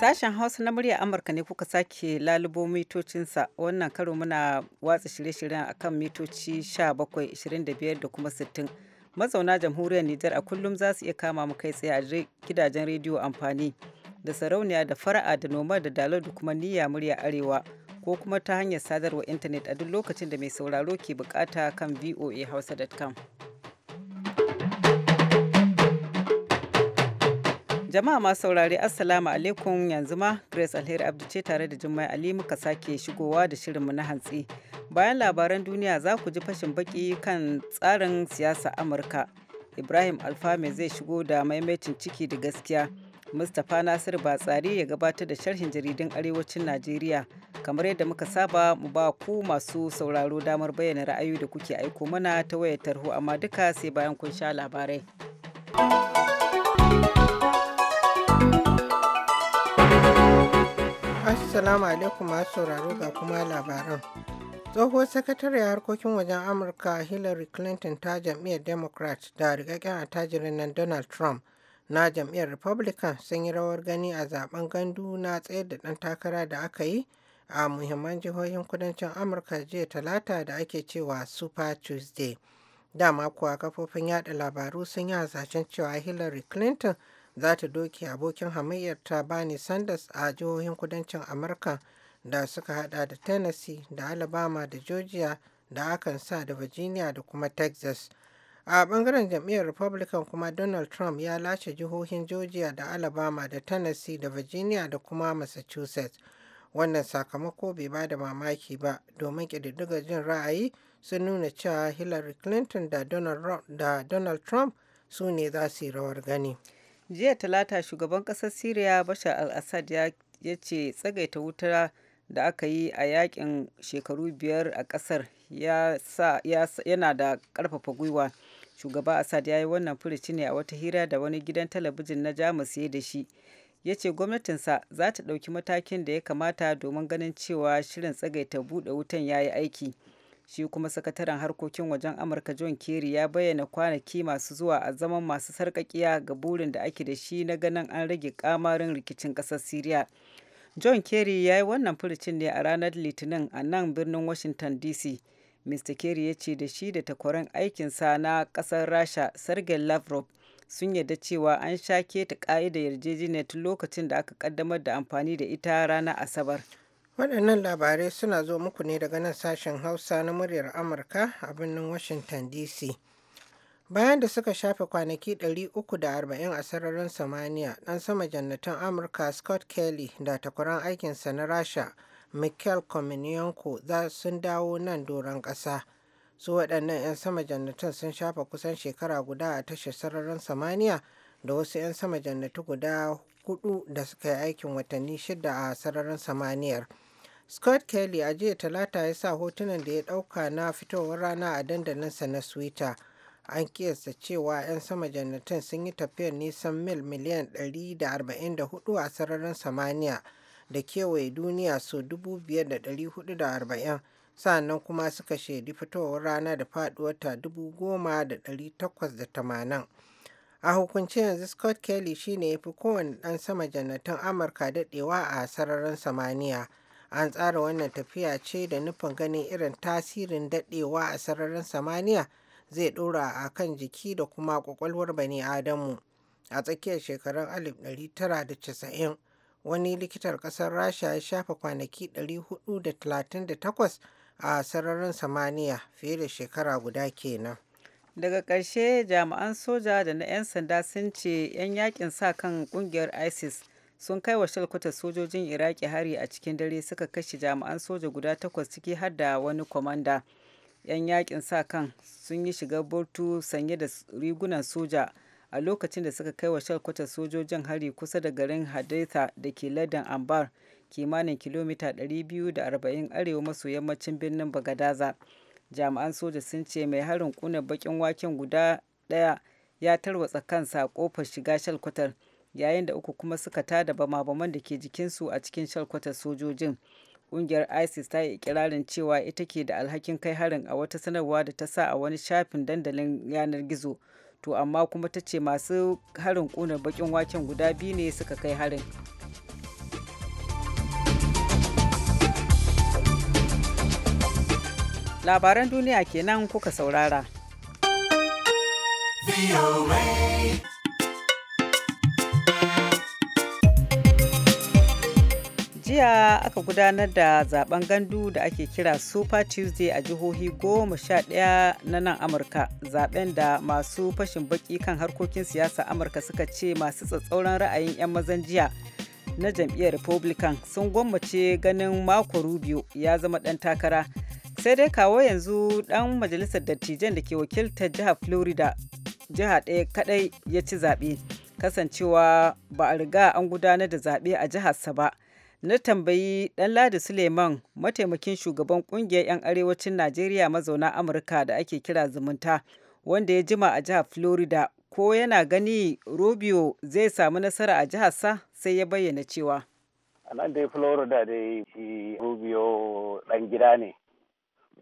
Sashen Hausa na murya Amurka ne kuka sake lalubo mitocinsa wannan karo muna watsa shirye-shiryen a kan mitoci 17, 25 da kuma 60. Mazauna jamhuriyar Nijar a kullum za su iya kama mu kai tsaye a gidajen rediyo amfani da sarauniya da fara'a da noma da dalo da kuma niyya murya arewa ko kuma ta hanyar sadarwa intanet a duk lokacin da mai sauraro ke bukata kan voahausa.com. Jama'a masu saurare Assalamu alaikum yanzu ma Grace Alheri Abdu ce tare da jimmai Ali muka sake shigowa da shirin mu na hantsi. Bayan labaran duniya za ku ji fashin baki kan tsarin siyasa Amurka. Ibrahim Alfame zai shigo da maimaitin ciki da gaskiya. Mustapha Nasir Batsari ya gabatar da sharhin jaridun Arewacin Najeriya. Kamar yadda muka saba mu ba ku masu sauraro damar bayyana ra'ayoyi da kuke aiko mana ta wayar tarho amma duka sai bayan kun sha labarai. Assalamu alaikum masu sauraro ga kuma labaran. Tsohuwar sakatare harkokin wajen Amurka Hillary Clinton ta jam'iyyar Democrat da rikakken attajirin nan Donald Trump na jam'iyyar Republican sun yi rawar gani a zaben gandu na tsayar da ɗan takara da aka yi a muhimman jihohin kudancin Amurka jiya talata da ake cewa Super Tuesday. Dama kuwa kafofin yada labaru sun yi hasashen cewa Hillary Clinton za ta doke abokin hamayyar ta bani Sanders a jihohin kudancin Amurka da suka hada da Tennessee da Alabama da Georgia da Arkansas da Virginia da kuma Texas. A bangaren jam'iyyar Republican kuma Donald Trump ya lashe jihohin Georgia da Alabama da Tennessee da Virginia da kuma Massachusetts. Wannan sakamako bai ba da mamaki ba domin ƙididdigar jin ra'ayi sun nuna cewa Hillary Clinton da Donald Trump su ne za su yi rawar gani. jiya talata shugaban kasar syria bashar al-assad ya ce tsagaita wuta da aka yi a yakin shekaru biyar a ƙasar yana da karfafa gwiwa shugaba assad ya yi wannan furici ne a wata hira da wani gidan talabijin na jamus ya da shi ya ce gwamnatinsa za ta ɗauki matakin da ya kamata domin ganin cewa shirin tsagaita buɗe wutan ya yi aiki shi kuma sakataren harkokin wajen amurka john kerry ya bayyana kwanaki masu zuwa a zaman masu sarkakiya ga burin da ake da shi na ganin an rage kamarin rikicin kasar syria john kerry ya yi wannan furucin ne a ranar litinin a nan birnin washington dc mr kerry ya ce da shi da takwaran aikinsa na kasar rasha sergei lavrov sun yarda cewa an sha keta ka'idar yarjejeniyar tun lokacin da aka kaddamar da amfani da ita ranar asabar Waɗannan labarai suna zo muku ne daga nan sashen Hausa na muryar Amurka a birnin Washington DC. Bayan da suka shafe kwanaki 340 a sararin samaniya, ɗan sama jannatan Amurka Scott Kelly da takwaran aikinsa na Rasha Mikhail Kominyanko za sun dawo nan doron ƙasa. Su waɗannan 'yan sama jannatan sun shafe kusan shekara guda a tashar sararin samaniya da wasu 'yan sama jannatu guda hudu da suka yi aikin watanni shida a sararin samaniyar. Scott Kelly a jiya talata ya sa hotunan da ya ɗauka na fitowar rana a dandalinsa na Twitter. An kiyasta cewa 'yan sama jannatin sun yi tafiyar nisan mil miliyan 144 a sararin samaniya da kewaye duniya so 5,440 sannan kuma suka shaidi fitowar rana da da 10,880. A hukunce yanzu Scott Kelly shine ya fi kowane ɗan sama jannatin Amurka dadewa a sararin samaniya. An tsara wannan tafiya ce da nufin ganin irin tasirin daɗewa a sararin samaniya zai ɗora a kan jiki da kuma ƙwaƙwalwar bani Adamu. A tsakiyar shekarun 1990, wani likitar ƙasar Rasha ya shafa kwanaki 438 a sararin samaniya fiye da shekara guda kenan. daga ƙarshe jami'an soja da na 'yan sanda sun ce 'yan yakin sa kan kungiyar isis sun kai wa shalkwatar sojojin iraki hari a cikin dare suka kashe jami'an soja guda takwas ciki har da wani kwamanda yan yakin sa kan sun yi shiga burtu sanye da rigunan soja a lokacin da suka kai wa shalkwatar sojojin hari kusa da garin hadaitha da ke ladan ambar kimanin kilomita 240 arewa maso yammacin birnin bagadaza jami'an soja sun ce mai harin kuna bakin waken guda daya ya tarwatsa kansa kofar shiga shalkwatar yayin da uku kuma suka tada bama-baman da ke jikinsu a cikin shalkwatar sojojin ƙungiyar isis ta yi ikirarin cewa ita ke da alhakin kai harin a wata sanarwa da ta sa a wani shafin dandalin yanar gizo to amma kuma ta ce masu harin ƙunar bakin waken guda biyu ne suka kai harin labaran duniya kenan kuka saurara. jiya aka gudanar da zaben gandu da ake kira Super Tuesday a jihohi goma sha daya na nan Amurka. Zaben da masu fashin baki kan harkokin siyasa Amurka suka ce masu tsatsauran ra'ayin 'yan mazan jiya na jam'iyyar Republican sun gwammace ganin mako Rubio ya zama ɗan takara. Sai dai kawo yanzu ɗan majalisar dattijan da ke wakiltar jihar Florida jiha ɗaya kadai ya ci zaɓe. Kasancewa ba a riga an gudanar da zaɓe a jiharsa ba. na tambayi ladi Suleiman mataimakin shugaban kungiyar 'yan arewacin Najeriya mazauna Amurka da ake kira zumunta wanda ya jima a jihar Florida ko yana gani Rubio zai samu nasara a jiharsa sai ya bayyana cewa. A nan dai Florida dai shi Rubio ɗan gida ne.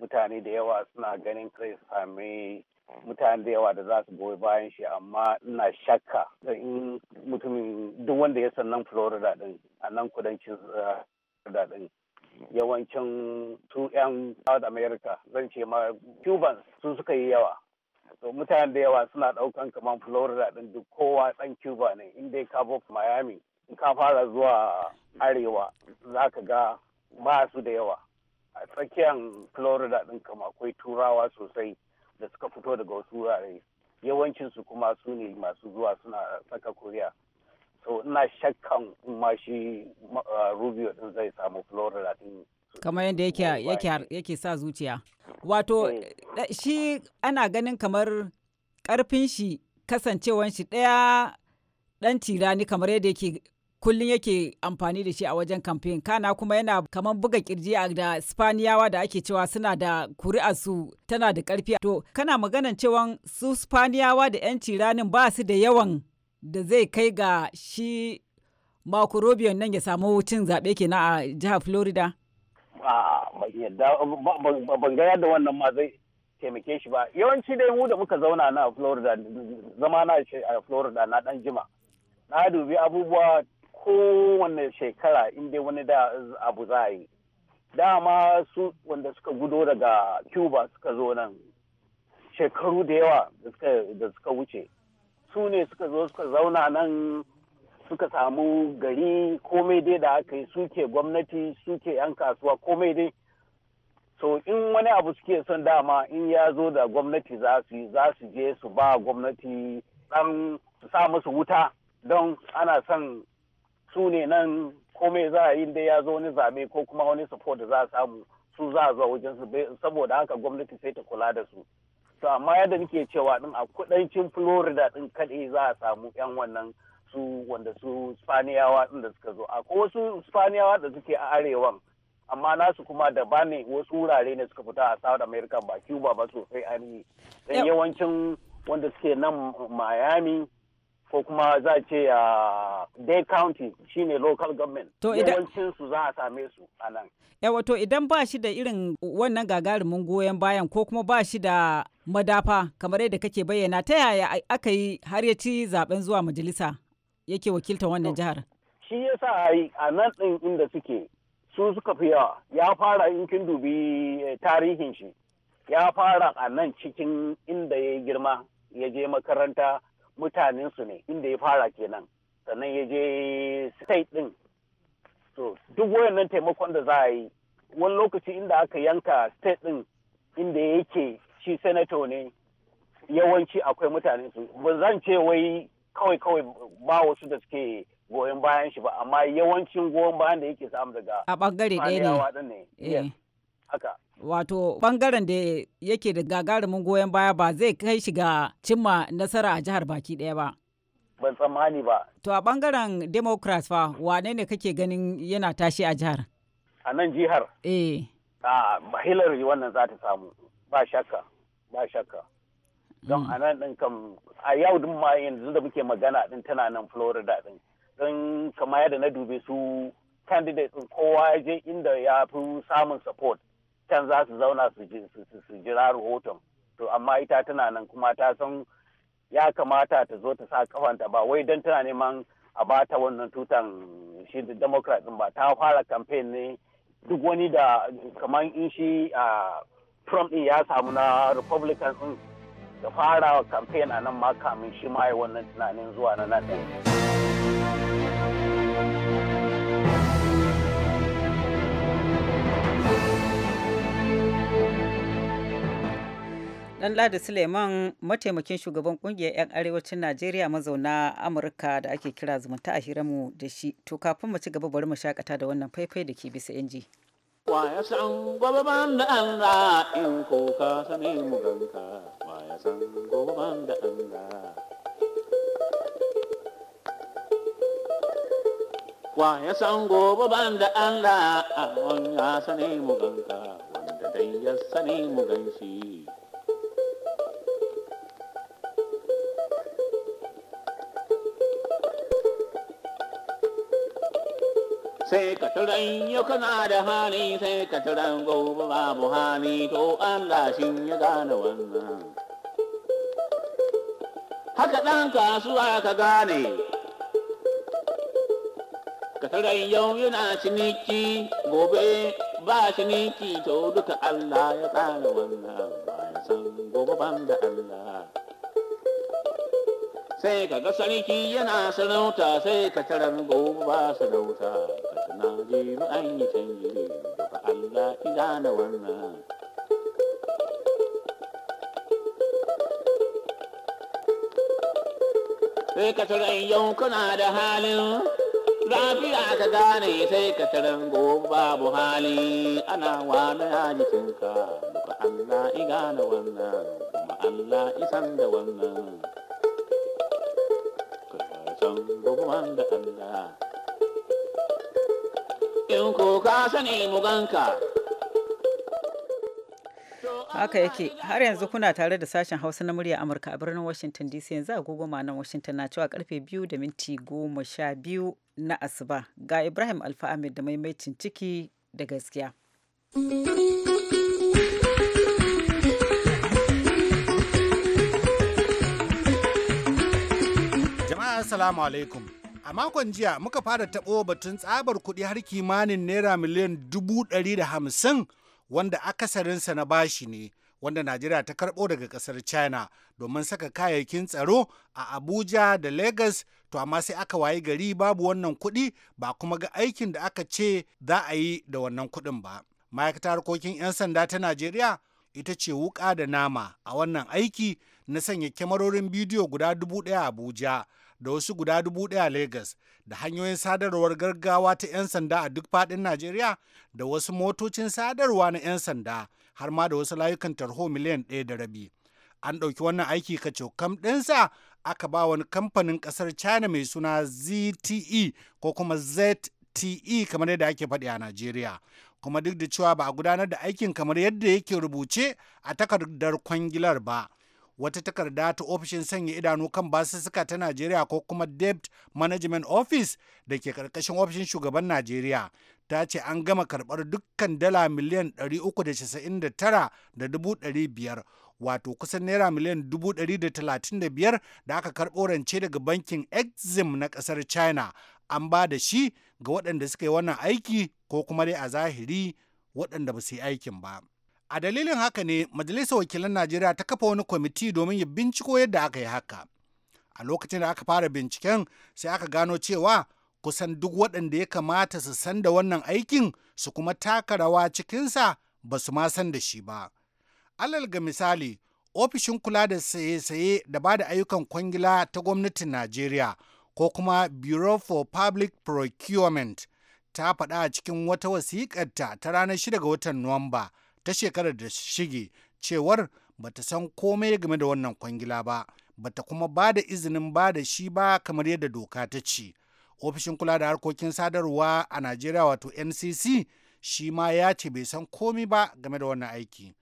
Mutane da yawa suna ganin kai sami mutane da yawa da za su goyi bayan shi amma ina shakka in mutumin duk wanda ya san nan florida din a nan kudancin florida din yawancin su 'yan south america zan ce ma cubans su suka yi yawa so mutane da yawa suna daukan kamar florida din duk kowa dan cuba ne in dai ka miami in ka fara zuwa arewa za ka ga ba su da yawa a tsakiyar florida din kama akwai turawa sosai da suka fito daga wasu wurare yawancinsu kuma su ne masu zuwa suna saka koriya so ina shakkan ma shi uh, rubio din zai samu florida din kamar yadda yake yake sa zuciya wato eh. shi ana ganin kamar karfin shi kasancewan shi ɗaya ɗan tirani kamar yadda yake kullum yake amfani da shi a wajen kamfen kana kuma yana kamar buga kirji a da spaniyawa da ake cewa suna da kuri'arsu tana da karfi to kana maganan cewa su spaniyawa da 'yanci ranin ba su da yawan da zai kai ga shi makurobiyan nan ya samu cin zaɓe na a jihar florida ban gaya taimake shi ba yawanci dai mu da muka zauna na florida zama na a florida na dan jima na dubi abubuwa kowane shekara inda wani da abu za yi dama su wanda suka gudo daga cuba suka zo nan shekaru da yawa da suka wuce su ne suka zo suka zauna nan suka samu gari komai dai da aka yi suke gwamnati suke 'yan kasuwa komai dai so in wani abu suke son dama in ya zo da gwamnati za su yi za su je su ba gwamnati dan su sa musu wuta don ana son su ne nan komai za a yi da ya zo wani zabe ko kuma wani support za a samu su za a zuwa wajen su saboda haka gwamnati sai ta kula da su to amma yadda nake cewa din a kudancin Florida din kadai za a samu yan wannan su wanda su Spaniyawa din da suka zo a ko wasu Spaniyawa da suke a arewan amma nasu kuma da ba ne wasu wurare ne suka fita a South America ba Cuba ba sosai yi dan yawancin wanda suke nan Miami ko kuma za a ce a ah, day county shine local government to yawancin su za a same su a nan yawa to idan ba shi da irin wannan gagarumin goyon bayan ko kuma ba shi da madafa kamar yadda kake bayyana ta yaya aka yi har ya ci zaben zuwa majalisa yake wakiltar wannan jihar shi yasa a nan ɗin inda suke su suka fi yawa ya fara in kin dubi eh, tarihin shi ya fara a nan cikin inda ya girma ya je makaranta su ne inda ya fara kenan sannan ya je state din so duk wayannan taimakon da za a yi wani lokaci inda aka yanka state din inda yake shi senator ne yawanci akwai mutane su ba zan ce wai kawai kawai ba wasu da suke goyon bayan shi ba amma yawancin goyon bayan da yake samu daga a bangare ɗaya ne haka wato bangaren da yake da gagarumin goyon baya ba zai kai shiga cimma nasara a jihar baki ɗaya ba ban tsammani ba to a bangaren democrats fa wane ne kake ganin yana tashi a jihar a nan jihar eh a hillary wannan za ta samu ba shakka ba shakka don mm. a nan ɗin kam a yau din ma yanzu da muke magana ɗin tana nan florida din don kama yadda na dube su candidates kowa ya je inda ya fi samun support can za su zauna su jira rahoton to amma ita tana nan kuma ta san ya kamata ta zo ta sa kafanta ba wai don tana neman a ba ta wannan tutan shi da democrat ba ta fara campaign ne duk wani da kamar in shi trump din ya samu na republican din da fara campaign a nan ma kamin shi ma wannan tunanin zuwa na nan Dan Ladi Suleiman mataimakin shugaban kungiyar 'yan arewacin Najeriya mazauna Amurka da ake kira zumunta a hiramu da shi. To kafin mu ci gaba bari mu shakata da wannan faifai da ke bisa yanji. Waya san gobe ban da Allah in ko ka sani mu ganka. Waya san gobe ban da Allah. Waya san gobe ban da Allah a wani ya sani mu ganka. Wanda dai ya sani mu shi. sai ka turan yau kana da hali sai ka turan gobe babu hali to Allah shi ya gane wannan haka ɗan kasuwa ka gane ka turan yau yana ciniki gobe ba ciniki to duka Allah ya tsara wannan bayan san gobe ban da Allah sai ka ga sarki yana sarauta sai ka tarar gobe ba sarauta jiru an yi canji daga Allah ki gane wannan. Sai ka tarin yankuna da halin lafiya ka gane sai ka tarin gobe babu hali ana wani hajjicinka daga Allah i gane wannan kuma Allah isan da wannan. Ka san gobe da Allah. Haka yake har yanzu kuna tare da sashen Hausa na murya Amurka a birnin Washington DC yanzu agogo nan Washington na cewa karfe biyu da minti goma sha biyu na asuba ga Ibrahim Alfa Ahmed da maimaicin ciki da gaskiya. Jama'a Assalamu alaikum. A makon jiya muka fara taɓo batun tsabar kuɗi har kimanin naira miliyan dubu ɗari da hamsin wanda akasarinsa na bashi ne wanda Najeriya ta karɓo daga ƙasar China domin saka kayayyakin tsaro a Abuja da Lagos to amma sai aka wayi gari babu wannan kuɗi ba kuma ga aikin da aka ce za a yi da wannan kuɗin ba. Ma'aikatar harkokin 'yan sanda ta Najeriya ita ce wuƙa da nama a wannan aiki na sanya kyamarorin bidiyo guda dubu ɗaya a Abuja da wasu guda dubu ɗaya Legas da hanyoyin sadarwar gargawa ta 'yan sanda a duk faɗin Najeriya da wasu motocin sadarwa na 'yan sanda har ma da wasu layukan tarho miliyan ɗaya da rabi. An ɗauki wannan aiki kam ɗinsa aka ba wani kamfanin ƙasar China mai suna ZTE ko kuma ZTE kamar yadda ake faɗi a Najeriya. Kuma duk da cewa ba a gudanar da aikin kamar yadda yake rubuce a takardar kwangilar ba. wata takarda ta ofishin sanya idanu kan basussuka ta Najeriya ko kuma Debt Management Office da ke karkashin ofishin shugaban Najeriya ta ce an gama karbar dukkan dala miliyan 399,500 wato kusan naira miliyan 135 da aka karɓo rance daga bankin Exim na ƙasar China an ba da shi ga waɗanda suka yi wannan aiki ko kuma dai a zahiri waɗanda ba su yi aikin ba. A dalilin haka ne Majalisar Wakilan Najeriya ta kafa wani kwamiti domin ya binciko yadda aka yi haka. A lokacin da aka fara binciken sai aka gano cewa kusan duk waɗanda ya kamata su san da wannan aikin su kuma taka rawa cikinsa ba su ma san da shi ba. Alal ga misali, ofishin kula da saye-saye da ba da ayyukan kwangila ta gwamnatin Najeriya ko kuma Bureau for Public Procurement ta faɗa a cikin wata wasiƙarta ta ranar 6 ga watan Nuwamba. ta shekarar da shige cewar ba ta san komai game da wannan kwangila ba bata kuma ba da izinin ba da shi ba kamar yadda doka ta ce ofishin kula da harkokin sadarwa a najeriya wato ncc shi ma ya ce bai san komai ba game da wannan aiki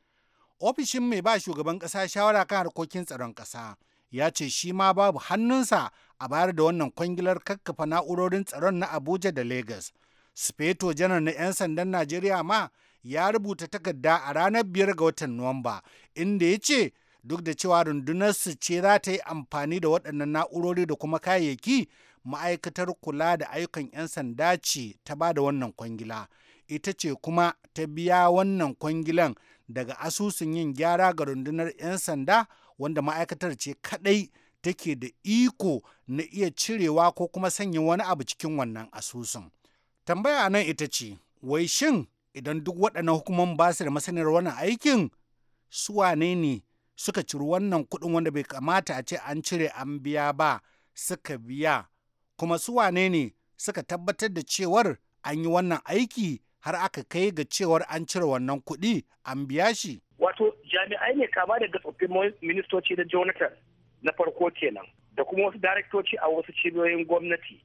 ofishin mai ba shugaban ƙasa shawara kan harkokin tsaron ƙasa, ya ce shi ma babu hannunsa a bayar da wannan kwangilar kakkafa na'urorin tsaron na abuja da lagos speto janar na 'yan sandan najeriya ma ya rubuta takarda a ranar biyar ga watan Nuwamba, inda ya ce duk da cewa rundunarsu ce za ta yi amfani da waɗannan na'urori da kuma kayayyaki ma'aikatar kula da ayyukan 'yan sanda ce ta ba da wannan kwangila. Ita ce kuma ta biya wannan kwangilan daga asusun yin gyara ga rundunar 'yan sanda wanda ma'aikatar ce kaɗai take da iko na iya cirewa ko kuma sanya wani abu cikin wannan asusun. Tambaya nan ita ce, wai shin idan duk waɗannan hukuman ba su da masaniyar wannan aikin su wane ne suka ciri wannan kuɗin wanda bai kamata a ce an cire an biya ba suka biya kuma su wane ne suka tabbatar da cewar an yi wannan aiki har aka kai ga cewar an cire wannan kuɗi an biya shi. Wato jami'ai ne kama daga tsoffin ministoci na Jonathan na farko kenan da kuma wasu daraktoci a wasu cibiyoyin gwamnati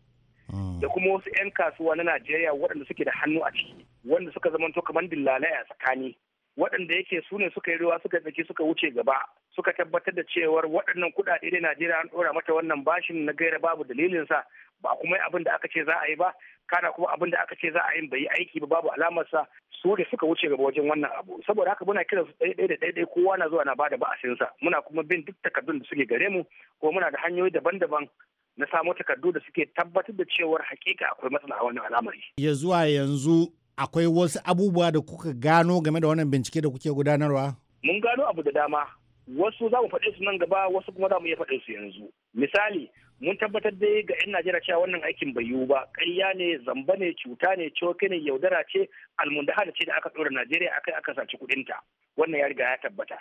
hmm. da kuma wasu 'yan kasuwa na Najeriya waɗanda suke da hannu a ciki. wanda suka zamanto kamar dillalai a tsakani waɗanda yake su ne suka yi ruwa suka tsaki suka wuce gaba suka tabbatar da cewar waɗannan kuɗaɗe ne najeriya an ɗora mata wannan bashin na gaira babu dalilin sa ba kuma abin da aka ce za a yi ba kana kuma abin da aka ce za a yi bai yi aiki ba babu alamarsa su ne suka wuce gaba wajen wannan abu saboda haka muna kiran su ɗaya da ɗaya kowa na zuwa na bada sa muna kuma bin duk takardun da suke gare mu ko muna da hanyoyi daban-daban na samo takardu da suke tabbatar da cewar hakika akwai matsala a wannan al'amari. Ya zuwa yanzu akwai wasu abubuwa da kuka gano game da wannan bincike da kuke gudanarwa? Mun gano abu da dama. Wasu za mu faɗe su nan gaba, wasu kuma za mu iya faɗe su yanzu. Misali, mun tabbatar da ga 'yan Najeriya cewa wannan aikin bai yiwu ba, ƙarya ne, zamba ne, cuta ne, coke ne, yaudara ce, almundahada ce da aka ɗora Najeriya akai aka saci kuɗinta. Wannan ya riga ya tabbata.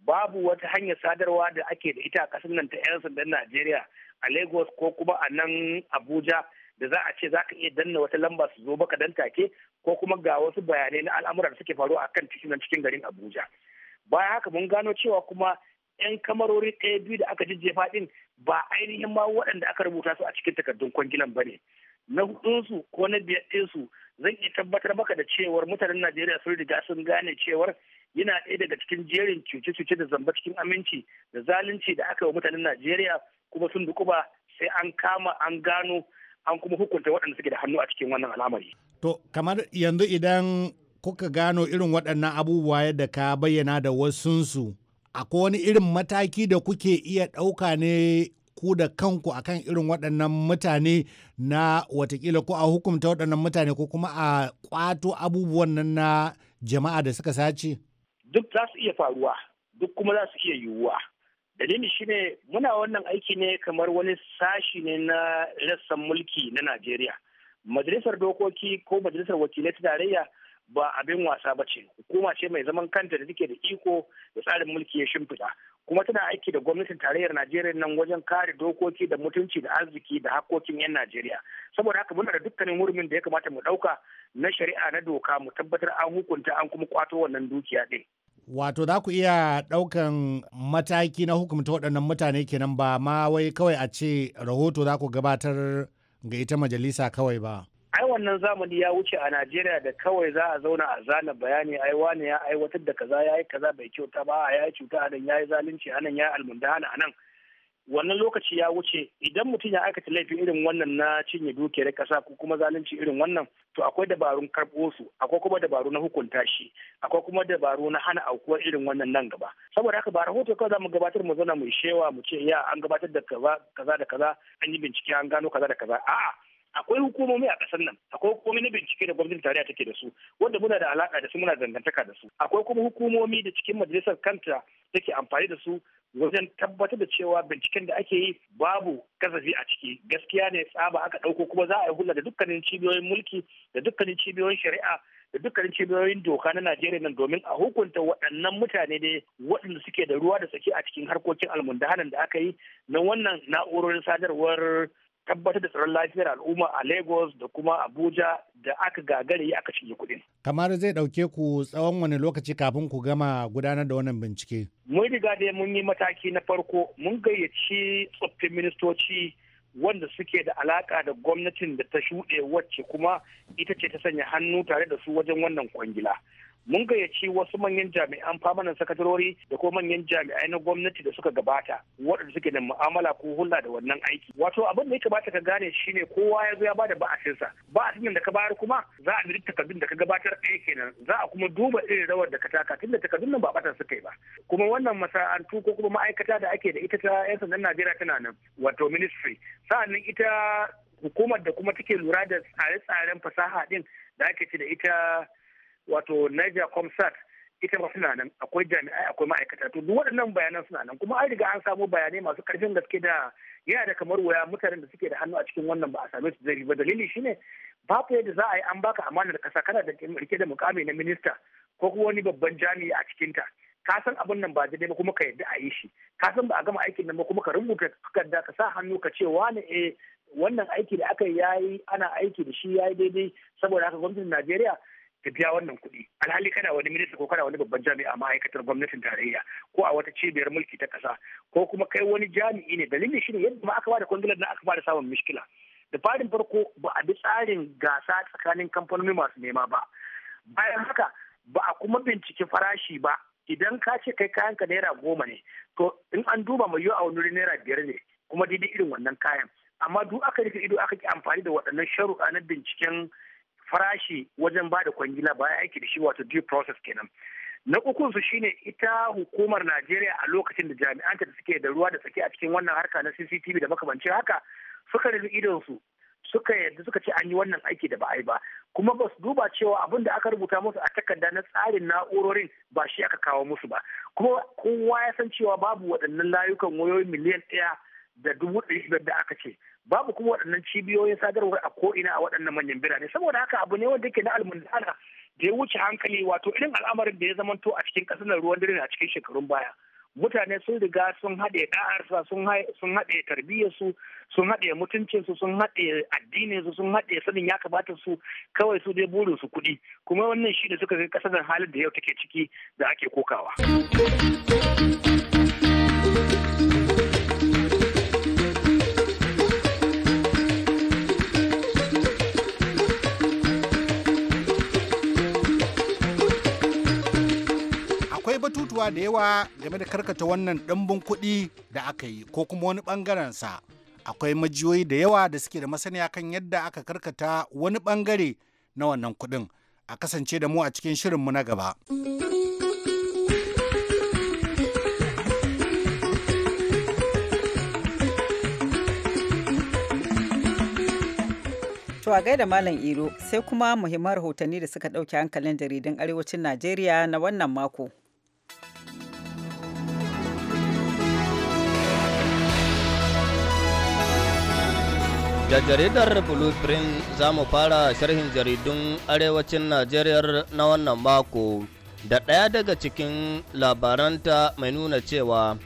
Babu wata hanyar sadarwa da ake da ita a ƙasar nan ta 'yan sandan Najeriya a Lagos ko kuma a nan Abuja da za a ce za ka iya danna wata lamba su zo baka dan take ko kuma ga wasu bayanai na al'amura da suke faruwa akan cikin cikin garin Abuja. baya haka mun gano cewa kuma 'yan kamarori ɗaya biyu da aka jijjefa ɗin ba ainihin ma waɗanda aka rubuta su a cikin takardun kwangilan ba ne. Na hudunsu ko na biyar ɗinsu zan iya tabbatar maka da cewar mutanen Najeriya sun riga sun gane cewar yana ɗaya daga cikin jerin cuce-cuce da zamba cikin aminci da zalunci da aka yi wa mutanen Najeriya kuma sun dukuba sai an kama an gano an kuma hukunta waɗanda suke da hannu a cikin wannan al'amari. To kamar yanzu idan kuka gano irin waɗannan abubuwa yadda ka bayyana da wasunsu akwai wani irin mataki da kuke iya ɗauka ne ku da kanku akan irin waɗannan mutane na watakila ko a hukumta waɗannan mutane ko kuma a ƙwato abubuwan nan na jama'a da suka sace? Duk za su iya faruwa, duk kuma za su iya yiwuwa. dalili shine muna wannan aiki ne kamar wani sashi ne na rassan mulki na najeriya majalisar dokoki ko majalisar wakilai ta tarayya ba abin wasa ba ce hukuma ce mai zaman kanta da take da iko da tsarin mulki ya shimfiɗa kuma tana aiki da gwamnatin tarayyar najeriya nan wajen kare dokoki da mutunci da arziki da hakkokin yan najeriya saboda haka muna da dukkanin hurumin da ya kamata mu ɗauka na shari'a na doka mu tabbatar an hukunta an kuma kwato wannan dukiya ɗin Wato za ku iya ɗaukan mataki na hukumta waɗannan mutane kenan ba ma wai kawai a ce rahoto za ku gabatar ga ita majalisa kawai ba. Ai wannan zamani ya wuce a Najeriya da kawai za a zauna a zana bayani ai wani ya aiwatar da kaza ya yi kaza bai kyauta ba a ya yi cuta anan ya yi zalunci anan ya yi almundana anan. wannan lokaci ya wuce idan mutum ya aikata laifin irin wannan na cinye dukiyar kasa ko kuma zalunci irin wannan to akwai dabarun karɓo su akwai kuma dabaru na hukunta shi akwai kuma dabaru na hana aukuwar irin wannan nan gaba saboda haka ba rahoto kawai mu gabatar mu zauna mu shewa mu ce ya an gabatar da kaza kaza da kaza an yi bincike an gano kaza da kaza a'a akwai hukumomi a ƙasar nan akwai hukumomi na bincike da gwamnatin tarayya take da su wanda muna da alaka da su muna dangantaka da su akwai kuma hukumomi da cikin majalisar kanta take amfani da su wajen tabbatar da cewa binciken da ake yi babu kasafi a ciki gaskiya ne tsaba aka ɗauko kuma za a yi hula da dukkanin cibiyoyin mulki da dukkanin cibiyoyin shari'a da dukkanin cibiyoyin doka na najeriya nan domin a hukunta waɗannan mutane ne waɗanda suke da ruwa da tsaki a cikin harkokin almundahanan da aka yi na wannan na'urorin sadarwar tabbatar da tsaron lafiyar al'umma a Lagos da kuma Abuja da aka gagare yi aka cinye kuɗin. Kamar zai ɗauke ku tsawon wani lokaci kafin ku gama gudanar da wannan bincike? Mun riga dai mun yi mataki na farko mun gayyaci tsoffin ministoci wanda suke da alaka da gwamnatin da ta shuɗe wacce kuma ita ce ta sanya hannu tare da su wajen wannan kwangila. mun gayyaci wasu manyan jami'an famanan sakatarori da kuma manyan jami'ai na gwamnati da suka gabata waɗanda suke da mu'amala ko hulɗa da wannan aiki wato abin da ya kamata ka gane shine kowa ya zo ya bada ba'asinsa ba'asin da ka bayar kuma za a bi takardun da ka gabatar ɗaya kenan za a kuma duba irin rawar da ka taka tunda takardun nan ba batar suka yi ba kuma wannan masana'antu ko kuma ma'aikata da ake da ita ta 'yan sandan Najeriya tana nan wato ministry sa'annan ita hukumar da kuma take lura da tsare-tsaren fasaha din da ake ci da ita wato niger comsat ita ma suna nan akwai jami'ai akwai ma'aikata to duk waɗannan bayanan suna nan kuma an riga an samu bayanai masu ƙarfin gaske da yana da kamar waya mutanen da suke da hannu a cikin wannan ba a same su zari ba dalili shine babu yadda za a yi an baka amanar kasa kana da rike da mukami na minista ko kuma wani babban jami'i a cikinta ka san abin nan ba daidai ba kuma ka yadda a yi shi ka san ba a gama aikin nan ba kuma ka rubuta takarda ka sa hannu ka ce wani eh wannan aiki da aka yi ana aiki da shi ya yi daidai saboda haka gwamnatin Najeriya ka biya wannan kuɗi alhali kana wani minista ko kana wani babban jami'a ma'aikatar gwamnatin tarayya ko a wata cibiyar mulki ta ƙasa ko kuma kai wani jami'i ne Dalili shi ne yadda ma aka bada kwangilar na aka bada samun mishkila da farin farko ba a bi tsarin gasa tsakanin kamfanoni masu nema ba bayan haka ba a kuma binciki farashi ba idan ka ce kai kayanka naira goma ne to in an duba mai yiwu a wani naira biyar ne kuma daidai irin wannan kayan amma duk aka rufe ido aka ki amfani da waɗannan sharuɗa na binciken farashi wajen ba da kwangila bayan aiki da shi wato due process kenan na uku su shine ita hukumar najeriya a lokacin da jami'anta da suke da ruwa da tsaki a cikin wannan harka na cctv da makamanci haka suka rufe idon su suka yadda suka ce an yi wannan aiki da ba a yi ba kuma ba su duba cewa abin da aka rubuta musu a takarda na tsarin na'urorin ba shi aka kawo musu ba kuma kowa ya san cewa babu waɗannan layukan wayoyi miliyan ɗaya da dubu ɗari da aka ce babu kuma waɗannan cibiyoyin sadarwar a ko'ina a waɗannan manyan birane saboda haka abu ne wanda yake na almundana da ya wuce hankali wato irin al'amarin da ya zamanto a cikin ƙasar ruwan dare a cikin shekarun baya mutane sun riga sun haɗe ɗa'arsa sun haɗe tarbiyyarsu sun haɗe mutuncinsu sun haɗe addininsu sun haɗe sanin ya kamata su kawai su dai burin su kuɗi kuma wannan shi da suka kai ƙasar halin da yau take ciki da ake kokawa. batutuwa da yawa game da karkata wannan ɗanbin kuɗi da aka yi ko kuma wani ɓangaren sa. Akwai majiyoyi da yawa da suke da masaniya kan yadda aka karkata wani ɓangare na wannan kuɗin. A kasance da mu a cikin shirin mu na gaba. To a gaida Malam Iro sai kuma muhimman rahotanni da suka ɗauki hankalin jaridun arewacin Najeriya na wannan mako. Da jaridar Blueprint za mu fara sharhin jaridun arewacin Najeriya na wannan mako da ɗaya daga cikin labaranta mai nuna cewa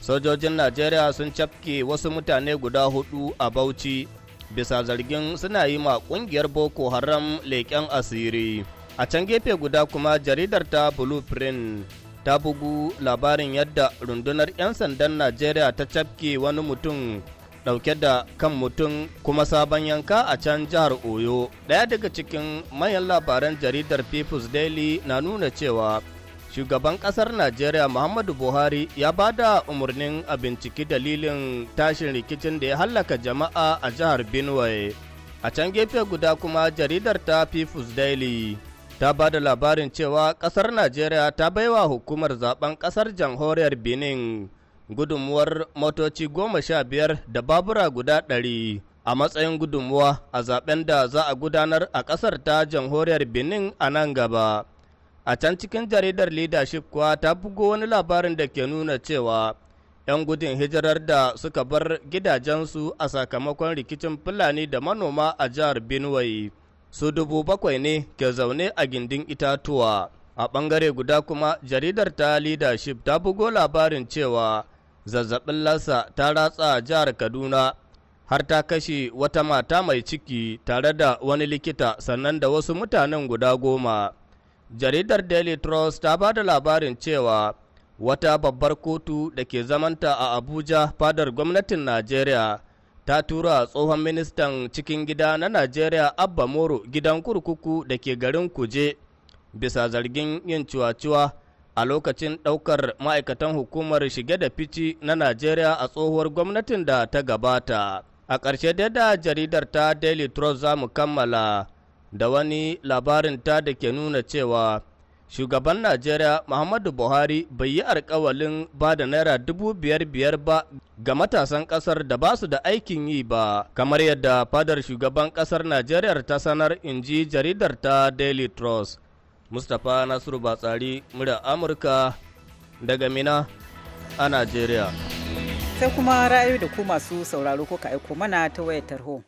sojojin Najeriya sun cafke wasu mutane guda hudu a Bauchi bisa zargin suna yi ma ƙungiyar Boko Haram leƙen asiri. A can gefe guda kuma jaridar ta Blueprint ta bugu labarin yadda rundunar 'yan sandan Najeriya ta cafke wani mutum Dauke da kan mutum kuma sabon yanka a can jihar Oyo. Ɗaya daga cikin manyan labaran jaridar People's Daily na nuna cewa shugaban ƙasar Najeriya Muhammadu Buhari ya ba da umarnin a binciki dalilin tashin rikicin da ya hallaka jama'a a jihar Benue. A can gefe guda kuma jaridar ta People's Daily. ta ba da labarin cewa ƙasar Najeriya ta baiwa hukumar zaben ƙasar jamhuriyar Benin gudunmuwar motoci goma sha biyar da babura guda ɗari a matsayin gudunmuwa a zaben da za a gudanar a ƙasar ta jamhuriyar benin a nan gaba a can cikin jaridar leadership kuwa ta bugo wani labarin da ke nuna cewa 'yan gudun hijirar da suka bar gidajensu a sakamakon rikicin fulani da manoma a jihar benue su dubu bakwai ne ke zaune a gindin itatuwa a ɓangare guda kuma jaridar ta leadership ta bugo labarin cewa zazzabin lassa ta ratsa jihar Kaduna har ta kashe wata mata mai ciki tare da wani likita sannan da wasu mutanen guda goma. Jaridar Daily Trust ta ba da labarin cewa wata babbar kotu da ke zamanta a Abuja fadar gwamnatin Najeriya ta tura tsohon ministan cikin gida na Najeriya Abba Moro gidan kurkuku da ke garin Kuje bisa zargin yin cuwa-cuwa a lokacin ɗaukar ma'aikatan hukumar shige da fici na Najeriya a tsohuwar gwamnatin da ta gabata. A ƙarshe dai da jaridar ta Daily Trust za mu kammala da wani labarin ta da ke nuna cewa shugaban Najeriya Muhammadu Buhari bai yi alkawalin ba da naira dubu biyar biyar ba ga matasan ƙasar da ba su da aikin yi ba, kamar yadda fadar shugaban ƙasar Najeriya ta sanar in ji jaridar ta Daily Trust. mustapha nasiru batsari murya amurka daga mina a najeriya sai kuma ra'ayi da ku masu sauraro kuka aiko mana ta wayar tarho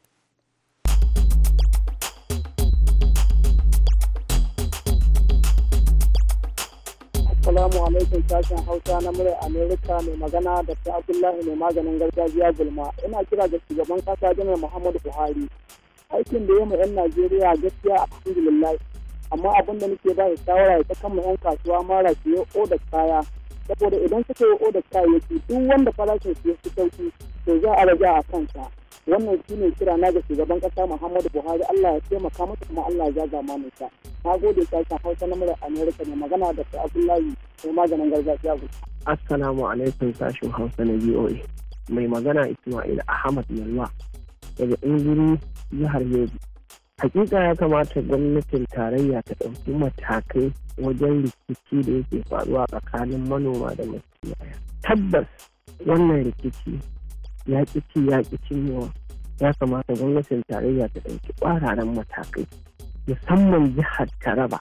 Assalamu alaikum sashen Hausa na murya Amerika mai magana da ta Abdullahi mai maganin gargajiya gulma. Ina kira ga shugaban kasa janar Muhammadu Buhari. Aikin da ya mu 'yan Najeriya gaskiya a cikin amma abin da nake ba da shawara ita kan yan kasuwa mara su yi odar kaya saboda idan suka yi odar kayayyaki duk wanda farashin su ya fi sauki to za a raja a kan kansa wannan shi ne kira na ga shugaban kasa muhammadu buhari allah ya taimaka masa kuma allah ya gama ta na gode sashen hausa na murar amerika ne magana da ta abdullahi mai maganin gargajiya assalamu alaikum sashin hausa na voa mai magana ismail ahmad yalwa daga ingiri jihar yobe hakika ya kamata gwamnatin tarayya ta ɗauki matakai wajen rikici da yake faruwa tsakanin manoma da makiyaya tabbas wannan rikici ya ci ya yawa, ya kamata gwamnatin tarayya ta ɗauki ƙwararren matakai musamman jihar taraba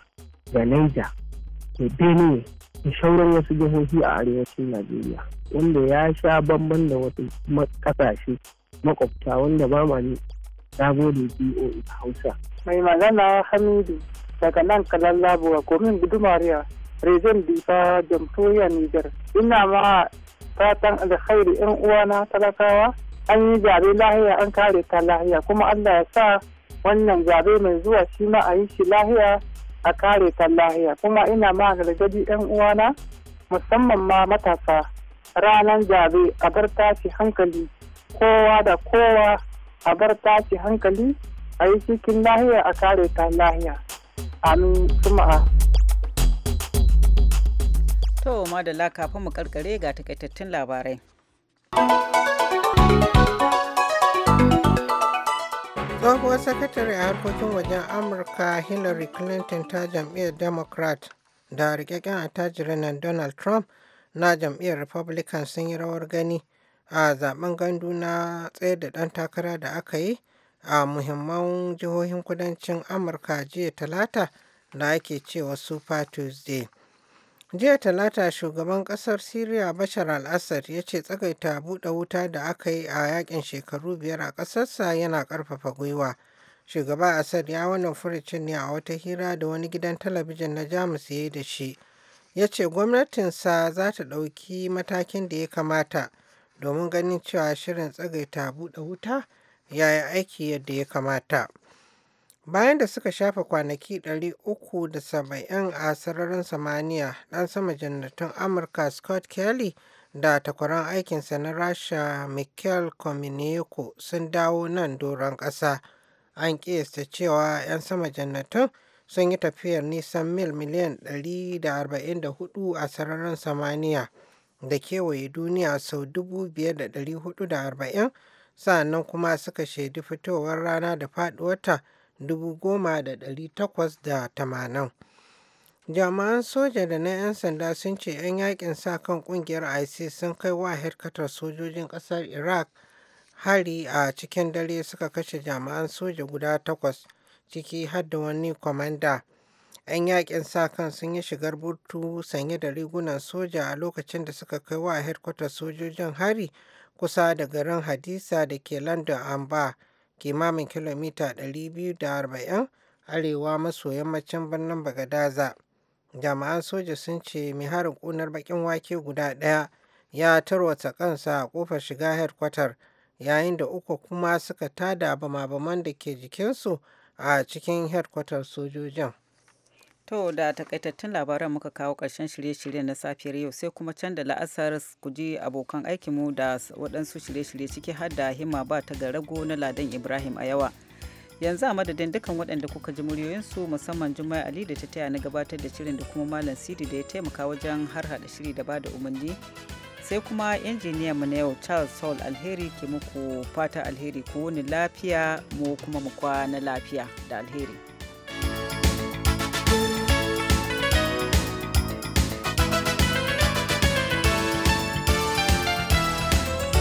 da naija da benue da shauran wasu jihohi a arewacin najeriya wanda ya sha bamban da wasu ƙasashe makwabta wanda ba ma Na gode BOE Hausa. Mai magana Hamidu daga nan kalan labuwa gomin gudumariya rezon difa jamhuriyar Nijar. Ina ma fatan alkhairi yan uwana talakawa an yi zabe lahiya an kare ta lahiya kuma Allah ya sa wannan zabe mai zuwa shi ma a yi shi lahiya a kare ta lahiya kuma ina ma gargadi yan uwana musamman ma matasa ranar zabe a bar tashi hankali kowa da kowa a bar tashi hankali a yi cikin lahiya a kare ta lahiya amin suma'a to madalla kafin mu karkare ga takaitattun labarai tsohuwar sakatare a harkokin wajen amurka hillary clinton ta jam'iyyar democrat da rikakken attajirin nan donald trump na jam'iyyar republican sun yi rawar gani a zaɓen gandu na tsayar da ɗan takara da aka yi a muhimman jihohin kudancin amurka jiya talata da ake cewa super tuesday jiya talata shugaban kasar syria bashar al-assad ya ce tsagaita buɗe wuta da aka yi a yakin shekaru biyar a ƙasarsa yana ƙarfafa gwiwa shugaba assad ya wannan furucin ne a wata hira da wani gidan talabijin na jamus ya yi da shi ya ce gwamnatinsa za ta ɗauki matakin da ya kamata domin ganin cewa shirin tsagaita buɗe wuta ya yi aiki yadda ya kamata. Bayan da suka shafe kwanaki 370 a sararin samaniya, ɗan sama jannatin Amurka Scott Kelly da takwaran aikinsa na Rasha michael Komineko sun dawo nan doron ƙasa. An ƙiyasta cewa 'yan sama jannatin sun yi tafiyar nisan mil miliyan 144 a sararin samaniya. da kewaye duniya sau 5,440 sa'annan kuma suka shaidi fitowar rana da faduwarta 10,880. jami'an soja da na 'yan sanda sun ce 'yan yakin sa kan kungiyar isis sun kai wa hirkatar sojojin kasar iraq hari a cikin dare suka kashe jami'an soja guda takwas ciki har da wani kwamanda ‘Yan yakin sa-kan sun yi shigar burtu sanye da rigunan soja a lokacin da suka kai wa hedkwatar sojojin hari kusa da garin Hadisa da ke London Amba, kimamin kilomita 240 arewa maso yammacin birnin Bagadaza. Jama'an soja sun ce mai harin ƙunar bakin wake guda ɗaya ya tarwata kansa a kofar shiga hedkwatar yayin da uku kuma suka tada bama-baman da ke jikinsu a cikin hedkwatar sojojin. To da takaitattun labaran muka kawo ƙarshen shirye-shirye na safiyar yau sai kuma can da la'asar ku ji abokan aikinmu da waɗansu shirye-shirye ciki har da himma ba ta ga rago na Ladan Ibrahim a yawa. Yanzu a madadin dukkan waɗanda kuka ji muryoyinsu musamman Juma'a Ali da ta taya na gabatar da shirin da kuma Malam Sidi da ya taimaka wajen har haɗa shiri da ba da umarni. Sai kuma injiniyan mu na yau Charles Saul Alheri ke muku fata alheri ku wuni lafiya mu kuma mu kwana lafiya da alheri.